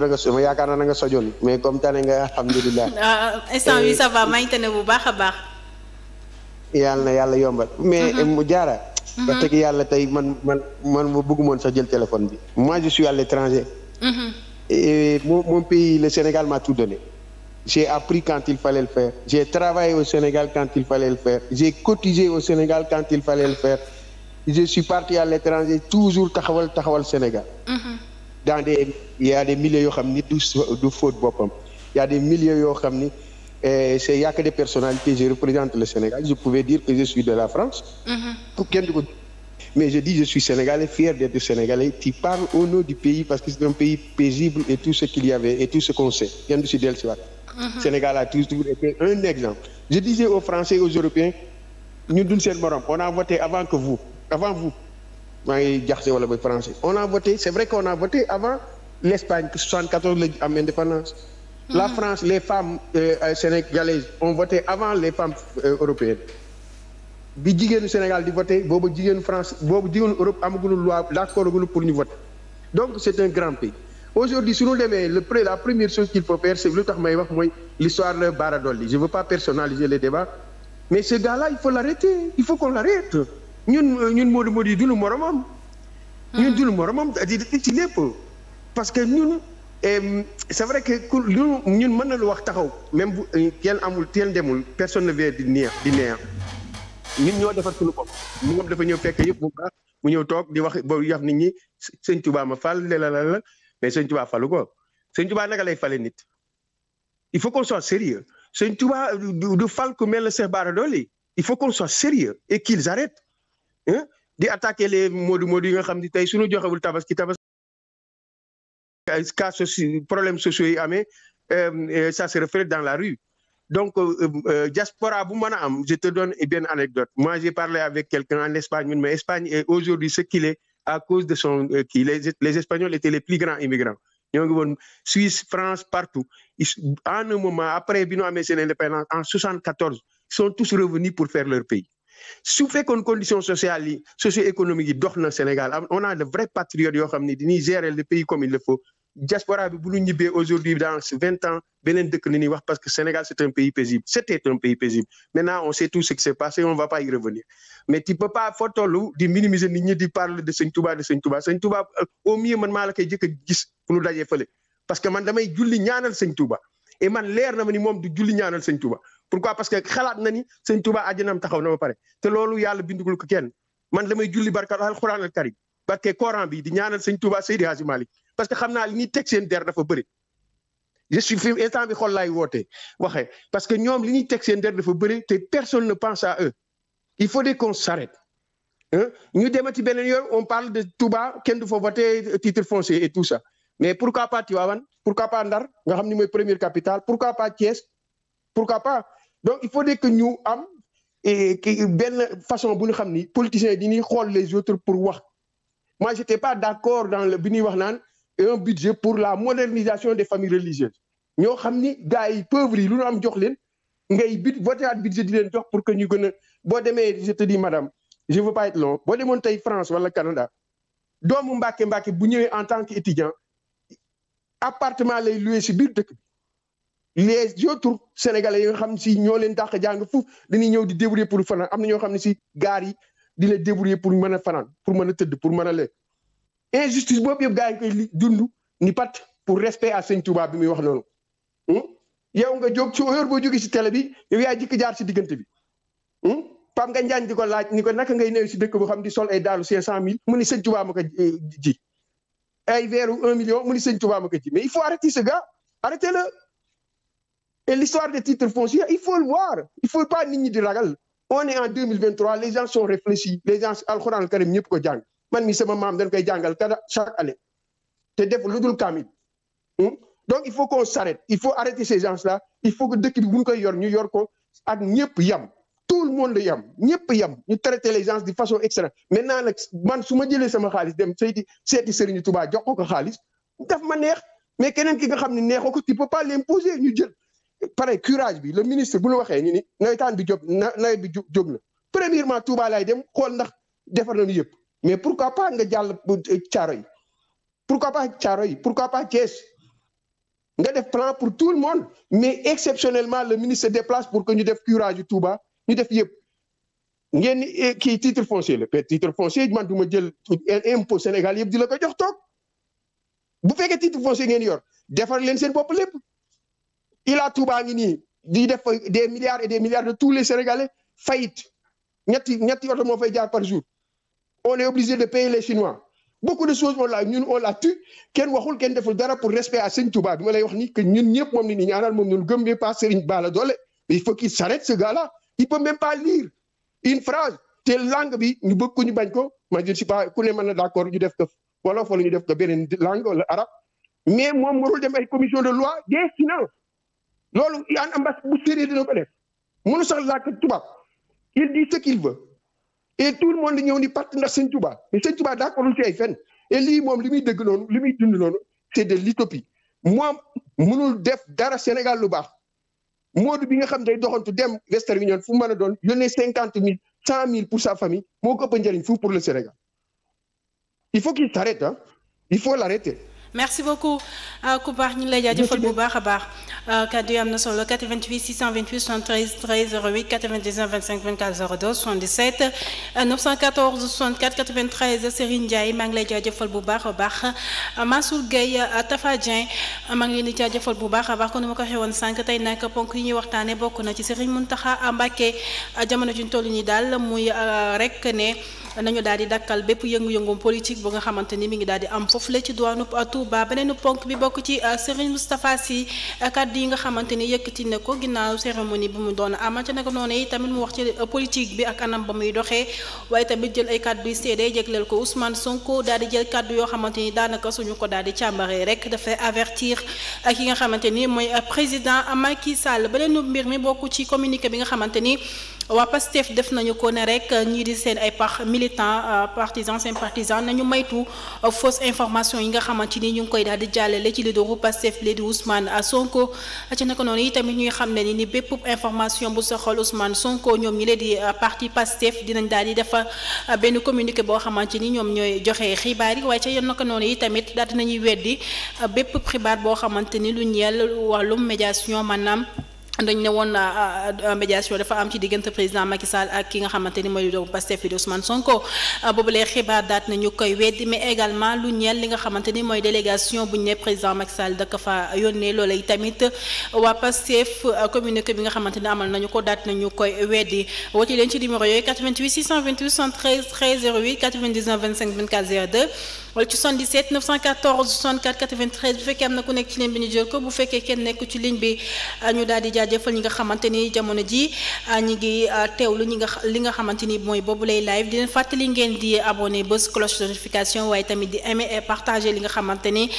dëgg yaakaar na nga sojoon mais comme tane nga alhamdulilah. instant bi ça va maa ngi tane bu baax a baax. yàlla na yàlla yombal. mais mu jaara. wax dëgg yàlla tey man man man ma bëgg moon sax jël téléphone bi. moi je suis à l'étranger. et eh, mon pays le Sénégal m'a tout donné. j'ai appris quand il fallait le faire. j'ai travaillé au Sénégal quand il fallait faire. j'ai cotisé au Sénégal quand il fallait le faire. je suis parti à l'étranger toujours taxawal taxawal Sénégal. dans des il y a milliers yoo xam ni du du boppam il y a des milliers yoo xam eh, c'est y a que des personnalités je représente le Sénégal je pouvais dire que je suis de la France mm-hmm. mais je dis je suis sénégalais fier d'être sénégalais tu parles au nom du pays parce que c'est un pays paisible et tout ce qu'il y avait et tout ce qu'on sait kenn du si dellusiwaat mm-hmm. Sénégal a toujours été un exemple je disais aux Français et aux Européens ñun duñ seen morom on a voté avant que maa ngi jaxase wala mooy français on a voté c'est vrai qu'on a voté avant l'Espagne que 74 la am indépendance mm-hmm. la France les femmes euh, euh, sénégalaises ont voté avant les femmes euh, européennes bi jigéenu Sénégal di voté boobu jigéenu France boobu jigéenu Europe amagul loi d'accord gul pour ñu voter donc c'est un grand pays aujourd'hui su ñu demee le pré la première chose qu'il faut faire c'est lu tax may wax mooy l'histoire de Bara Dolly je veux pas personnaliser les mais ce gars-là ñun ñun Modou Modou yi duñu moromam. Hmm. ñun duñu moromam di ci lépp. parce que ñun c'est vrai que ku ñun mën lu wax taxaw même bu eh, kenn amul kenn demul personne ne veut di neex di neex ñun ñoo defar suñu bopp moom dafa ñëw fekk yëpp bu baax mu ñëw toog di wax ba yax nit ñi sëñ Tuubaa ma fal la la mais sëñ Tuubaa falu ko sëñ Tuubaa naka fale nit il faut qu'on soit sérieux sëñ Tuubaa du fal ku mel ne Cheikh Bara Dolly il faut qu'on soit sérieux et qu'ils arrêtent di attaquer les moodu yi nga xam ne tey suñu joxewul tabaski tabaski ay cas soci problèmes sociaux yi amee euh, euh, ça se reflète dans la rue donc euh, diaspora bu a am je te donne benn anecdote moi j'ai parlé avec quelqu'un Espagne Espagne est aujourd'hui ce qu'il à cause de son kii les les Espagnols étaient les plus grands immigrants ñoo ngi woon Suisse France partout en un après bi ñu amee seen indépendance en 74 ils sont tous revenus pour faire leur pays su fekkoon conditions sociales yi socio-économique yi dox na Sénégal on a de vrais patriotes yoo xam ne dañuy gérer le pays comme il le faut diaspora bi bu ñu aujourd'hui dans vingt ans beneen dëkk la ñuy wax parce que Sénégal c'est un pays paisible c'était un pays paisible maintenant on sait tout ce qui s'est passé on va pas y revenir mais tu peux pas foo di minimiser ni ñi di parler de Sëñ Touba de Sëñ Touba Sëñ Touba euh, au mieux man maa la koy jëkk a gis fu ñu dajee fële parce man damay julli ñaanal Sëñ man leer na ma ni moom du julli ñaanal Sëñ pourquoi parce que xalaat na ni sëñ Tuubaa àjjanam taxaw na ba pare te loolu yàlla bindugul ko kenn man damay julli barka alxuraan al karim barke Coran bi di ñaanal sëñ Tuubaa Seydi Hadji Malick parce que xam naa li ñuy teg seen je suis fi instant bi xol laay wootee waxee parce que ñoom li ñuy teg seen der dafa bëri te personne ne pense à eux il faut dès qu'on s'arrête ñu demati beneen yoon on parle de Touba kenn du fa voté titre foncé et tout ça mais pourquoi pas Tivaouane pourquoi pas Ndar xam ni mooy première capitale pourquoi pas Thiès pourquoi donc il faut que ñu am benn façon bu ñu xam ni politiciens di dañuy xool les autres pour wax moi j'étais pas d'accord dans le bi ñuy wax naan un budget pour la modernisation des familles religieuses ñoo xam ni gars yi yi lu ñu am jox leen ngay bit voté waat budget di leen jox pour que ñu gën a boo demee je te dis madame je veux pas être long boo demoon tey France wala Canada doomu Mbàkke Mbàkke bu ñëwee en tant que étudiant appartement lay loué si biir dëkk bi les autres sénégalais yi nga xam si ñoo leen dàq jàng foofu dañuy ñëw di débrouiller pour fanaan am na ñoo xam ne si gaar yi di la débrouiller pour mën a fanaan pour mën a tëdd pour mën a lekk injustice boobu yëpp gaa yi koy dund ni pat pour respect à sëñ muy wax noonu hmm? yow nga jóg ci heure boo jógee si télé bi yow yaa jikk jaar si diggante bi hmm? Pape nga njaañ di ko laaj ni ko naka ngay néew si dëkk boo xam di sol ay daalu cinq cent mille mu ni sëñ Touba ma ko ji eh, ay veeru un million mu ni sëñ Touba ji mais il faut a ce gars arrêtez-le Et l'histoire des titres fonciers, il faut le voir. Il ne faut pas nit ñi di ragal. on en 2023 sont réfléchis les gens alxuraan karim ko jàng man mi sama maam dañ koy jàngal cada chaque année te def lu dul kaamil hmm? donc il faut qu'on s'arrête il faut arrêter ces gens là il faut que dëkk bi buñ koy yor ñu yor ko ak ñëpp yam tout le monde yam ñëpp yam ñu traiter les gens de façon extra maintenant na man su ma jëlee sama xaalis dem seeti seeti Serigne Touba jox ko ko xaalis daf ma neex mais keneen ki nga xam ne neexoo ko tu peux pas l'imposer ñu jël pare curage bi le ministre bu ñu waxee ñu ni nawetaan bi jog na nawet bi jóg na premièrement Touba laay dem xool ndax defar nañu yëpp mais pourquoi pas nga jàll eh, caaro yi pourquoi pas caaro yi pourquoi pas Thiès nga def plan pour tout le monde mais exceptionnellement le ministre se déplace pour que ñu def curage yu Touba ñu def yëpp ngeen ni eh, kii titre foncier la mais titre foncier man du ma jël impôt Sénégal yëpp di la ko jox toog bu fekkee titre foncier ngeen yor defar leen seen bopp lépp Ila Touba ngi ni di def des milliards et des milliards de tous les Sénégalais faillite ñetti ñetti oto moo fay jaar par jour on est obligé de payer les Chinois beaucoup de choses on la ñun on la tue kenn waxul kenn deful dara pour respect à Serigne Touba bi ma lay wax ni que ñun ñëpp moom ni ni ñaanal moom ñun gëm mais pas Serigne Bala Doole il faut qu'il s'arrête ce gars il peut même pas lire une phrase te langue bi ñu bëgg ko ñu bañ ko ma je ne ku ne mën na d'accord ñu def ko wolof wala ñu def ko beneen langue mais moom warul dem ay commission de loi des loolu en ambassade bu sérieux dina ko def mënu sax tubaab il dit ce qu'il veut et tout le monde ñëw ni parti ndax sëñ Tuubaa mais sëñ Tuubaa d'accordul ci ay fenn et lii moom li muy dëgg noonu lu muy dund noonu c'est de l'utopie moom mënul def dara Sénégal lu baax Modou bi nga xam day doxantu dem Western Union fu mën a doon yónnee cinquante mille cent mille pour sa famille moo ko ëpp fu pour le Sénégal il faut qu'il s'arrête il faut l'arrêter merci beaucoup ku euh, baax ñu ngi lay jaajëfal bu baax a baax euh, kàddu yi am na solo 88 628 73 13 08 99 25 24 02 77 914 64 93 Serigne Ndiaye maa ngi lay jaajëfal bu baax a baax euh, Mansour Gueye Tafa Dieng maa ngi leen di jëfal bu baax a baax kon nu ma ko waxee sànq tey nag ponk yi ñuy waxtaanee bokk na ci Serigne Mountakha Mbacké jamono juñ toll nii daal muy rek ne. nañu daal di dakkal bépp yëngu-yëngum politique bu nga xamante ni mi ngi daal di am foofu la ci diwaanu Touba beneenu ponk bi bokk ci euh, Serigne Moustapha Sy euh, kàddu yi nga xamante ni yëkkati na ko ginnaaw cérémonie bi mu doon amal ca naka noonu yi tamit mu wax ci euh, politique bi ak ba muy doxee waaye tamit jël ay kàddu yu seede jégleel ko Ousmane Sonko daal di jël kàddu yoo xamante ni daanaka suñu ko daal di càmbaree rek dafay avertir ak yi nga xamante ni mooy président Macky Sall beneenu mbir mi bokk ci communiqué bi nga xamante ni waa PASTEF def nañu ko ne rek ñii di seen ay par militant euh, partisan seen partisan nañu maytu euh, fausse information yi nga xamante ni ñu ngi koy daal di jàllale ci leaderu PASTEF li di Ousmane Sonko ci naka noonu yi tamit ñuy xam ne ni ni bépp information bu soxal Ousmane Sonko ñoom ñi leen di euh, parti PASTEF dinañ daal di def benn communiqué boo xamante ni ñoom ñooy joxe xibaar yi waaye ca yoon naka noonu yi tamit daal dinañuy weddi bépp xibaar boo xamante ni lu ñeel wàllum médiation manaam dañ ne woon euh, euh, euh, médiation dafa am ci diggante président Macky Sall ak ki nga xamante ni mooy doomu Pastef bi di Ousmane Sonko boobulee xibaar daat nañu koy weddi mais également lu ñeel li nga xamante ni mooy délégation bu ñu ne président Macky Sall daka fa yónnee loolee tamit waa Pastef communiqué bi nga xamante ni amal nañu ko daat nañu koy weddi woote leen ci numéro yooyu 88 628 73 13 08 99 25 24 02 wala ci 77 914 64 93 bu fekkee am na ku nekk ci ligne bi ñu jël ko bu fekkee kenn nekk ci ligne bi ah, ñu daal di jaajëfal ñi nga xamante ni jamono ji ah, ñi ngi ah, teewlu ñi nga li nga xamante ni mooy boobu lay live di leen fàttali ngeen di abonné bës cloche de notification tamit di aimer et li nga xamante ni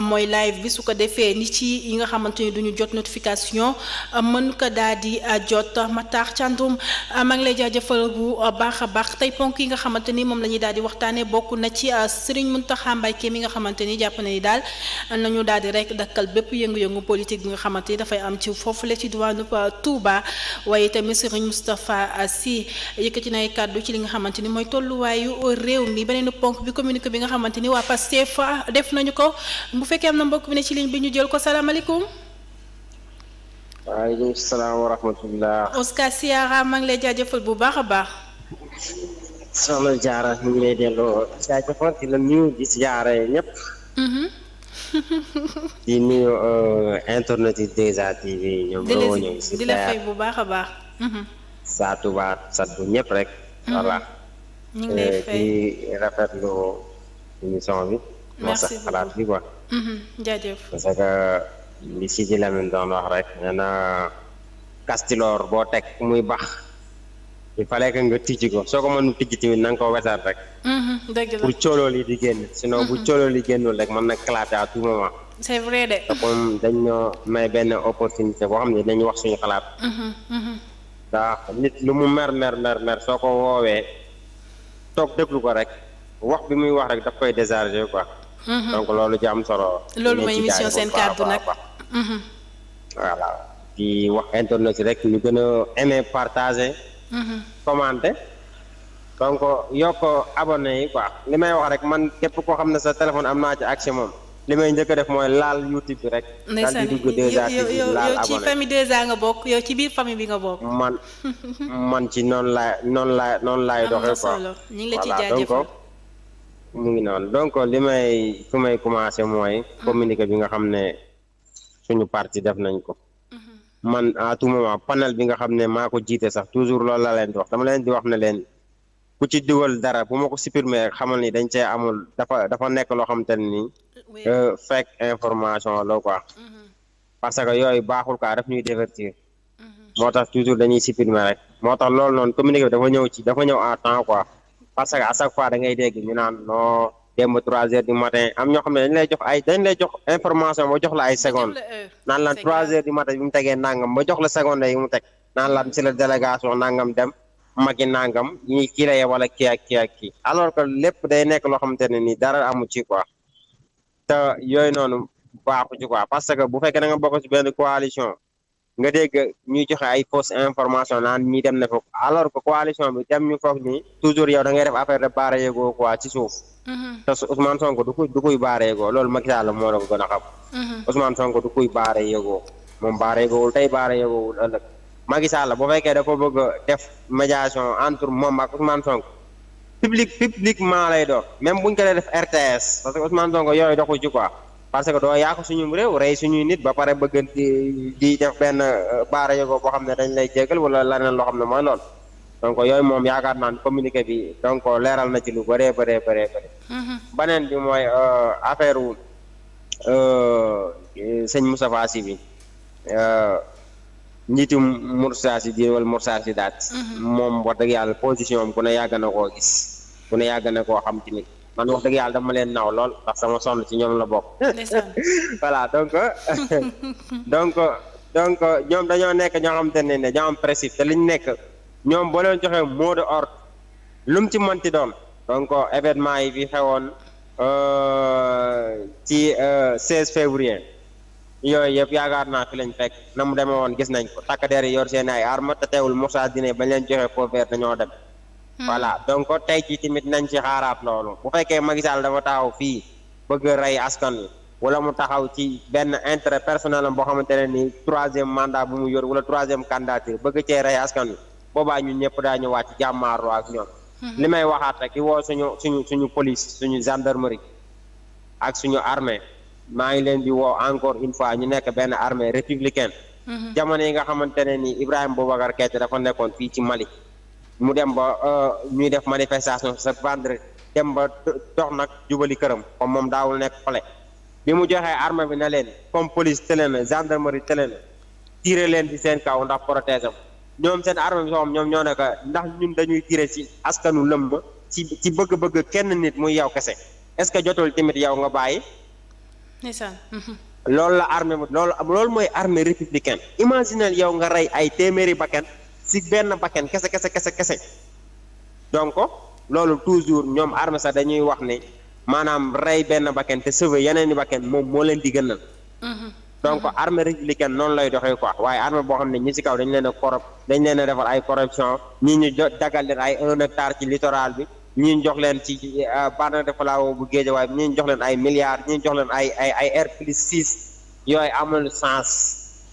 mooy live bi su ko defee ni ci yi nga xamante ni duñu jot notification mën ko daal di jot Matar Thiandoum maa ngi lay jaajëfal bu baax a baax tey ponk yi nga xamante ni moom la ñuy daal di waxtaane bokk na ci Serigne Mountakha Mbacké mi nga xamante ni jàpp na ni daal nañu daal di rek dakkal bépp yëngu-yëngu politique bi nga xamante ni dafay am ci foofule ci diwaanu euh, Touba waaye tamit Serigne Moustapha euh, Sy yëkkati na ay kàddu ci li nga xamante ni mooy tolluwaayu réew mi beneen ponk bi communiqué bi nga xamante ni waa Pastef euh, def nañu ko bu fekkee am na mbokk bi ne ci ligne bi ñu jël ko salaamaaleykum. waaleykum salaam wa rahmatullah. Oscar Siara maa ngi lay jaajëfal bu baax a baax. soxna jaara ñu ngi lay delloo jaajëfal di la nuyu di siyaare ñëpp mm-hmm. di nuyu euh, internet yi 2A ñoom ñoo ñëw si di la fay bu baax a baax mm-hmm. saa tubaab sat bu ñëpp rek voilà mm-hmm. ñu ngi lay euh, fay bi moo sax xalaat parce que li si di Lamine doon wax rek nee kastiloor boo teg muy bax il fallait nga tijji ko soo ko mënul tijji tamit na nga ko wetaat rek. Mhm, dëgg la pour coolool yi di génn. sinon bu mhm. coolool yi génnul rek mën na éclater à tout ma c'est vrai de. comme dañ may benn opportunité boo xam ne dañu wax suñu xalaat. Mhm, ndax nit lu mu mer mer mer mer soo ko woowee toog déglu ko rek wax bi muy wax rek daf koy décharger quoi. donc loolu ci am solo. loolu mooy émission seen kàddu nag voilà di wax internet rek ñu gën a aimer commenter donc yokk abonné yi quoi li may wax rek man képp koo xam ne sa téléphone am naa ci accès moom li may njëkk def mooy laal YouTube bi rek. ndeysaan yow yow ci nga bokk yow ci biir famille bi nga bokk. man man ci noonu laay noonu laay noonu laay doxee quoi. am ngi la mu ngi noonu donc li may fu may commencer mooy. Hmm. communiqué bi nga xam ne suñu parti def nañ ko. man a tout moment panel bi nga xam ne maa ko jiite sax toujours lool la leen di wax dama leen di wax ne leen ku ci dugal dara bu ma ko supprimer rek xamal ni dañ cee amul dafa dafa nekk loo xam te ne nii euh, fekk information la mm-hmm. parce que yooyu baaxul quoi daf ñuy divertir mm-hmm. moo tax toujours dañuy supprimer rek moo tax lool noonu communiqué bi dafa ñëw ci dafa ñëw à temps quoi parce que à chaque fois da ngay ñu naan démb trois heures du matin am ñoo xam ne dañ lay jox ay dañ lay jox information ba jox la ay seconde naan lan trois heures du matin bi mu nangam ba jox la seconde yi mu teg naan lan si la délégation nangam dem magi nangam ñi kii wala kii ak kii ak kii alors que lépp day nekk loo xamante ne nii dara amu ci quoi te yooyu noonu baaxu ci quoi parce que bu fekkee da nga bokk ci coalition nga dégg ñuy joxe ay fausse information naan ñi dem na foofu alors que coalition bi dem ñu foog ni toujours yow da ngay def affaire de baareegoo quoi ci suuf. Mhm. te Ousmane Sonko du ko du koy baareegoo loolu Macky Sall moo la ko gën a xam. Mhm. Ousmane Sonko du koy baareegoo moom baareegoowul tey baareegoowul ëllëg Macky Sall bu fekkee dafa bëgg a def médiation entre moom ak Ousmane Sonko public publiquement lay doon même buñ ko def RTS parce que Ousmane Sonko yooyu doxu ci parce que doo yàq suñu réew rey suñuy nit ba pare bëgg di di def benn euh, baara yogoo boo xam ne dañ lay jégal wala leneen loo xam ne mooy loolu donc yooyu moom yaakaar naa ne communiqué bi donc leeral na ci lu bëree bëree bëree bëri mm-hmm. beneen bi mooy euh, affaire wu euh, sëñ Moustapha bi njiitu Moustarchidine di wala Moustarchidaty daat mm-hmm. moom wax dëgg yàlla position ku ne yàgg na koo gis ku ne yàgg na koo xam ci man wax dëgg yàlla dama leen naw lool ndax sama sonn ci ñoom la bokk voilà donc donc donc ñoom dañoo nekk ñoo xamante ne ne ñoo am principe te liñ nekk ñoom boo leen joxee mot de ordre lu mu ci mënti doon donc événement yi fi xewoon euh, ci 16 euh, février yooyu yëpp yaakaar naa fi lañ fekk na mu demee woon gis nañ ko takk der yi yor seen ay arme te teewul Moussa dine bañ leen joxee feu vert dañoo dem Hmm. voilà donc tey jii tamit nañ ci xaaraat loolu bu fekkee Macky Sall dafa taxaw fii bëgg a rey askan wi wala mu taxaw ci benn intérêt personnel am boo xamante ne nii troisième mandat bu mu yor wala troisième candidature bëgg cee rey askan wi boobaa ñu ñëpp daañu wàcc jàmmaarloo ak ñoom. Hmm. li may waxaat rek woo suñu suñu suñu police suñu gendarmerie ak suñu armée maa ngi leen di woo encore une fois ñu nekk benn armée républicaine. Hmm. jamono yi nga xamante ne nii Ibrahima Boubacar Keïta nekkoon fii ci Mali. mu dem ba euh, ñuy def manifestation sa vendredi dem ba dox nag jubali këram comme moom daawul nekk xole bi mu joxee arme bi na leen comme police tële na gendarmerie tële na tiire leen ci seen kaw ndax protège ñoom seen arme bi soxam ñoom ñoo ne ndax ñun dañuy tiire ci askanu lëmb ci ci bëgg-bëgg kenn nit muy yow kese est-ce que jotul tamit yow nga bàyyi. ndeysaan. Mhm. loolu la armée loolu loolu mooy armée républicaine imaginel yow nga rey ay téeméeri bakkan si benn bakken kese kese kese kese donc loolu toujours ñoom armée sax dañuy wax ne maanaam rey benn bakken te sauver yeneen i bakken moom moo leen di gënal mm-hmm. donc mm-hmm. armée républicaine noonu lay doxee ko waaye armée boo xam ne ñi si kaw dañ leen a corop dañ leen a ay corruption ñii ñu dagal leen ay un hectare ci littoral bi ñii ñu jox leen ci euh, banna de flawo bu géejawaay bi ñii ñu jox leen ay milliards ñii ñu jox leen ay ay ay R plus six yooyu amul sens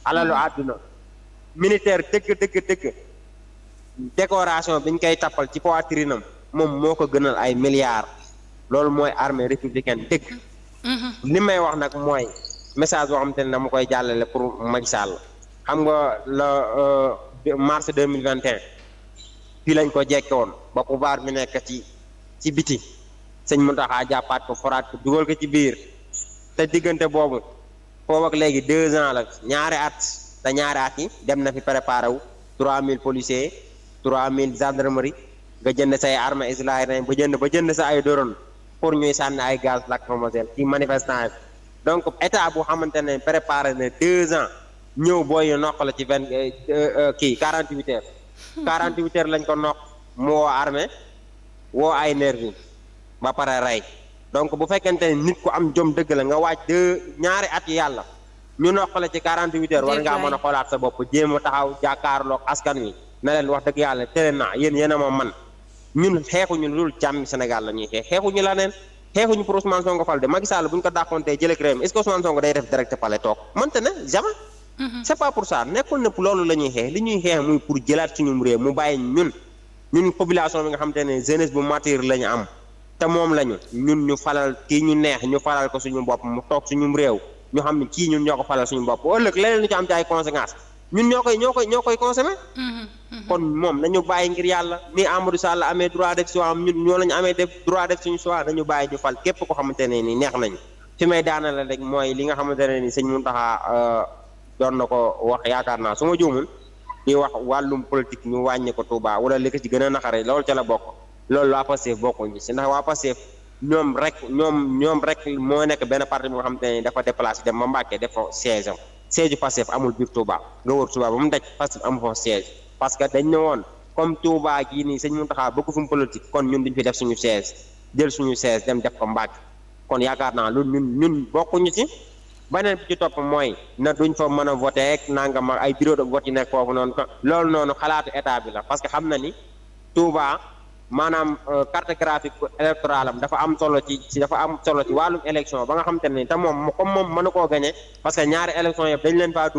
alalu mm-hmm. àdduna militaire dëgg dëgg décoration biñ koy tappal ci poitrine am moom moo ko gënal ay milliards loolu mooy armée républicaine dëgg mm-hmm. li may wax nag mooy message boo xam te ne dama koy jàllale pour Macky Sall xam nga le euh, mars deux mille vingt et un fii lañ ko jekke woon ba pouvoir bi nekk ci ci biti sëñ Mountakha jàppaat ko foraat ko dugal ko ci biir te diggante boobu foofu ak léegi deux ans la ñaari at te ñaari at yi dem na fi préparé wu trois mille policiers trois mille gendarmerie nga jënd say armes islaahi nañ ba jënd ba jënd sa ay doron pour ñuy sànni ay gaz lacrymogène ci manifestant donc état bu xamante ne préparé ne deux ans ñëw booy yu noq la ci vingt euh, euh, kii quarante huit quarante huit lañ ko noq mu woo armée woo ay nervi ba pare rey donc bu fekkente nit ko am jom dëgg la nga waaj deux ñaari at yàlla ñu noq la ci quarante huit heures war ngaa mën a xoolaat sa bopp jéem taxaw jàkkaarloog askan wi na leen wax dëgg yàlla tere naa yéen yéen a ma man ñun xeexuñu loolu jàmmi Sénégal la ñuy xeexu ñu la neen xeexuñu pour Ousmane Sonko fal de Macky bu ñu ko dàqoontee jëlee réew mi est-ce que Ousmane Sonko day def direct palais toog mënta na jamais mm-hmm. c'est pas pour ça nekkul ne loolu la ñuy xeex li ñuy xeex muy pour jëlaat suñu réew mu bàyyi ñun ñun population bi nga xam te ne jeunesse bu mature la ñu am te moom lañu ñun ñu falal kii ñu neex ñu falal ko suñu bopp mu toog suñu réew ñu xam ne kii ñun ñoo ko falal suñu bopp ëllëg leneen lu ci am ñun ñoo koy ñoo koy ñoo koy consommé. Mm-hmm, mm-hmm. kon moom nañu bàyyi ngir yàlla ni Amadou Sall amee droit def choix am ñun ñoo lañu amee def droit def suñu choix nañu bàyyi ñu fal képp ko xamante ne ni neex nañu fi may daanale rek mooy li nga xamante ne ni sëñ Mountakha euh, doon na ko wax yaakaar naa su ma juumul ñuy wax wàllum politique ñu wàññi ko Touba wala li ko gën a naqare loolu ca la bokk lool loolu waa Pastef bokkuñu si ndax waa Pastef ñoom rek ñoom ñoom rek moo nekk benn parti moo xamante ne dafa déplace dem ba Mbàkke def ko siège siège u Pastef amul biir Touba nga wër Touba ba mu daj Pastef amu fa siège parce que dañ ne woon comme Touba gii nii sëñ Mountakha bëgg fu mu politique kon ñun duñ fi def suñu siège jël suñu siège dem def ko Mbàkke kon yaakaar naa loolu ñun ñun bokkuñu si beneen bi ci topp mooy na duñ fa mën a voté ak nangam ay bureau de vote yi nekk foofu noonu loolu noonu xalaatu état bi la parce que xam na ni Touba. maanaam euh, carte graphique électorale dafa am solo ci ci dafa am solo ci wàllum élection ba nga xam te ne te moom comme moom mënu koo gañe parce que ñaari élection yëpp dañ leen faa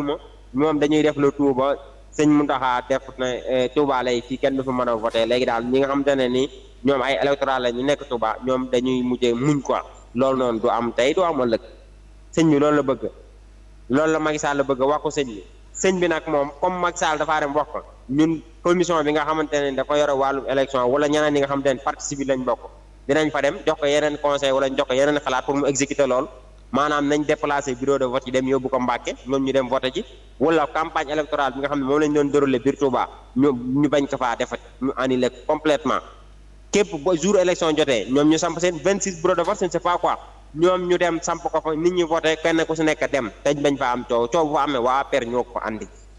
moom dañuy def le tout ba sëñ Mountakha def na euh, Touba lay fii kenn du fi mën a voté léegi daal ñi nga xam te ne ni ñoom ay électoral la ñu nekk Touba ñoom dañuy mujjee muñ quoi loolu noonu du am tey du am ëllëg sëñ bi loolu la bëgg loolu la Macky Sall la bëgg wax sëñ bi sëñ bi nag moom comme Macky Sall dafaa dem wax ko commission bi nga xamante ne dafa yore wàllum élection wala ñeneen ñi nga xamante ne parti lañ bokk dinañ fa dem jox ko yeneen conseil wala jox ko yeneen xalaat pour mu exécuter lool maanaam nañ déplacer bureau de vote yi dem yóbbu ko Mbàkke ñoom ñu dem voté ci wala campagne électorale bi nga xam ne moom lañ doon déroulé biir Touba ñu ñu bañ ko faa defat ñu annulé complètement képp jour élection jotee ñoom ñu samp si nekk dem teñ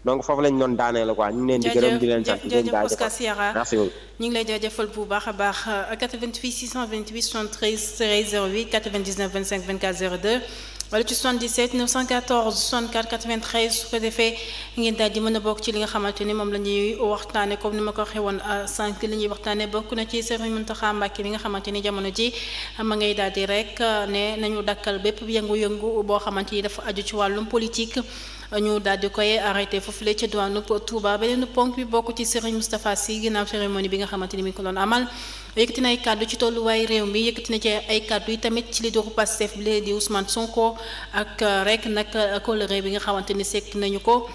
donc foofu lañ doon daanee la quoi ñu ngi leen di gërëm di leen sant ñu ngi lay jaajëfal bu baax a baax 88 628 73 13 08 99 25 24 02 wala ci 77 914 64 93 ngeen daal di mën a bokk ci li nga xamante ni moom la ñuy waxtaane comme ni ma ko waxee woon euh, sànq ñuy waxtaane bokk na ci Serigne Mountakha Mbacké li nga xamante ni jamono ji ma ngay daal di rek euh, ne nañu dakkal bépp yëngu-yëngu boo xamante ni dafa aju ci wàllum politique ñu daal di koy arrêté foofule ca diwaanu Touba beneen ponk bi bokk ci Serigne Moustapha Sy ginnaaw cérémonie bi nga xamante ni mi ngi ko doon amal yëkkati na ay kàddu ci tolluwaay réew mi yëkkati na ci ay kàddu yi tamit ci li doxu Pastef bi di Ousmane Sonko ak uh, rek nag kóllëre uh, bi nga xamante ni sekk nañu ko.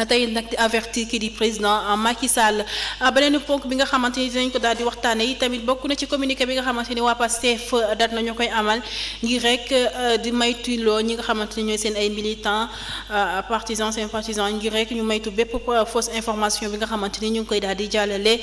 Euh, tey nag di avertir kii di président euh, Macky Sall euh, beneen ponk bi nga xamante ni dinañ ko daal di waxtaane yi tamit bokk na ci communiqué bi nga xamante ni waa Pastef dat nañu koy amal ngir rek di maytuloo ñi nga xamante ni ñooy seen ay militants partisans seen partisans ngir rek ñu maytu bépp fausse information bi nga xamante ni ñu ngi koy daal di jàllale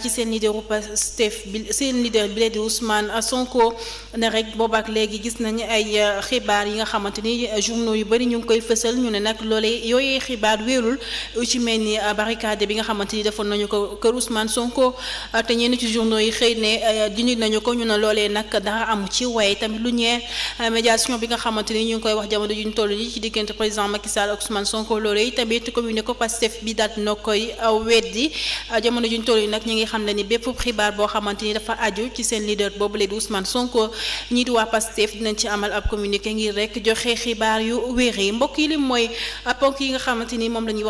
ci seen leader u Pastef bi seen leader bi di Ousmane Sonko ne rek boobaak léegi gis nañu ay xibaar yi nga xamante ni journaux yu bëri ñu ngi koy fësal ñu ne nag loolee yooyee xibaar wéerul ci mel ni euh, barricade bi nga xamante ni defoon nañu ko kër Ousmane Sonko euh, te ñenn ci journaux yi xëy ne euh, dindi nañu ko ñu ne loolee nag dara amu ci waaye tamit lu ñeel médiation bi nga xamante ni ñu ngi koy wax jamono ju ñu toll nii ci diggante président Macky Sall ak Ousmane Sonko loolee tamit communiqué ko Pastef bi daal na koy ju ñu toll nii nag ñu ngi xam ne ni bépp xibaar boo xamante ni dafa aju ci seen leader boobu léegi Ousmane Sonko ñii di waa Pastef dinañ ci amal ab communiqué ngir rek joxe xibaar yu wéer yi mbokk yi li mooy ponk yi nga xamante moom lañuy